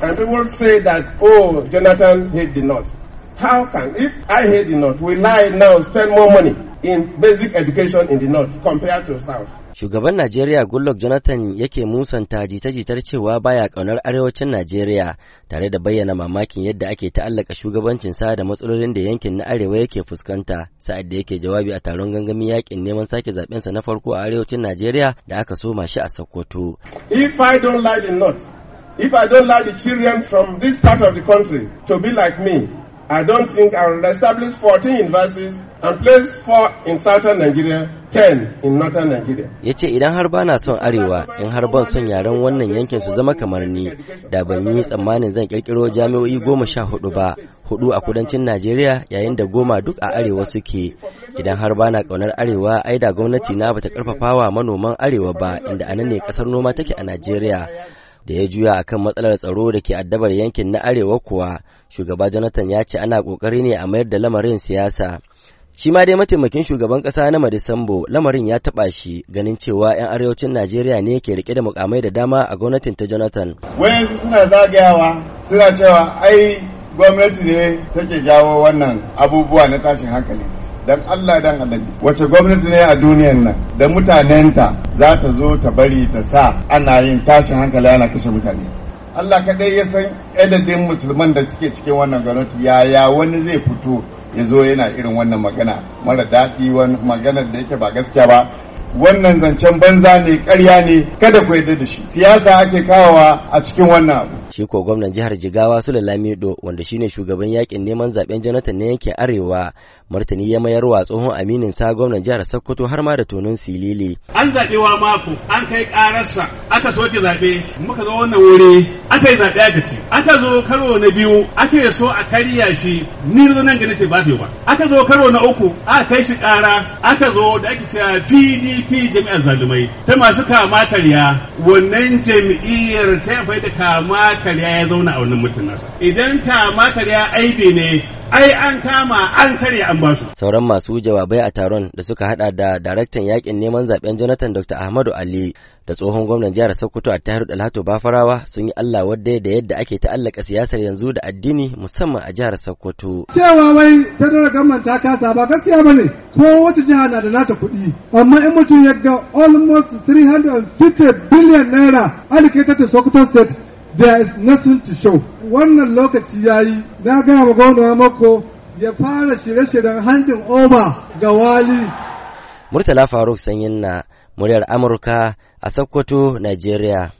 And people say that, oh, Jonathan hate the North. How can, if I hate the North, will I now spend more money in basic education in the North compared to the South? Shugaban Najeriya Goodluck Jonathan yake musanta jita-jitar cewa baya ƙaunar arewacin Najeriya tare da bayyana mamakin yadda ake ta'allaka shugabancinsa da matsalolin da yankin na arewa yake fuskanta sa'ad da yake jawabi a taron gangamin yakin neman sake zaɓensa na farko a arewacin Najeriya da aka soma shi a Sokoto. If I don't like the North, If I don't like the children from this part of the country to be like me, I don't think I will establish 14 universities and place 4 in southern Nigeria, 10 in northern Nigeria. Ya ce idan har bana son arewa, in har ban son yaren wannan yankin su zama kamar ni, da ban yi tsammanin zan kirkiro jami'o'i goma sha hudu ba, hudu a kudancin Najeriya yayin da goma duk a arewa suke. Idan har bana kaunar arewa, ai da gwamnati na bata karfafawa manoman arewa ba, inda anan ne kasar noma take a Najeriya. da ya juya a kan matsalar tsaro da ke addabar yankin na arewa kuwa shugaba jonathan ya ce ana kokari ne a mayar da lamarin siyasa shi ma dai mataimakin shugaban kasa na madisambo lamarin ya taba shi ganin cewa 'yan arewacin najeriya ne ke rike da mukamai da dama a gwamnatin ta jonathan wani suna zagayawa suna cewa ai gwamnati ne take jawo wannan abubuwa na tashin hankali dan Allah dan annabi wace gwamnati ne a duniyan nan da mutanenta za ta zo ta bari ta sa ana yin tashin hankali ana kashe mutane Allah kadai ya san adadin musulman da suke cikin wannan gwamnati yaya wani zai fito ya zo yana irin wannan magana mara daɗi wani maganar da yake ba gaskiya ba wannan zancen banza ne ƙarya ne kada ku yarda da shi siyasa ake kawowa a cikin wannan Shi ko gwamnan jihar Jigawa Sule Lamido wanda shine shugaban yakin neman zaben Jonathan na yankin Arewa martani ya mayar wa tsohon aminin sa gwamnan jihar Sokoto har ma da tonon silili. An zaɓe wa mako an kai ƙararsa aka soke zaɓe muka zo wannan wuri aka yi zaɓe aka ci aka zo karo na biyu aka so a karya shi ni zo nan gani ce ba ba aka zo karo na uku aka kai shi ƙara aka zo da ake cewa PDP jami'ar zalumai ta masu kama karya wannan jam'iyyar ta da kama makariya ya zauna a wannan mutum idan kama makariya aibe ne ai an kama an karya an basu sauran masu jawabai a taron da suka hada da daraktan yakin neman zaben Jonathan Dr. Ahmadu Ali da tsohon gwamnan jihar Sokoto a Tahiru Dalhato Bafarawa sun yi Allah wadda da yadda ake ta'allaka siyasar yanzu da addini musamman a jihar Sokoto cewa wai tattara gwamnan ta kasa ba gaskiya bane ko wace jiha na da nata kuɗi amma in mutum ya ga almost 350 billion naira allocated to Sokoto state there is nothing to show wannan lokaci ya yi na gaya wa gwamna mako ya fara shirye-shiryen handin oba ga wali murtala faruk sanyin na muryar amurka a sokoto nigeria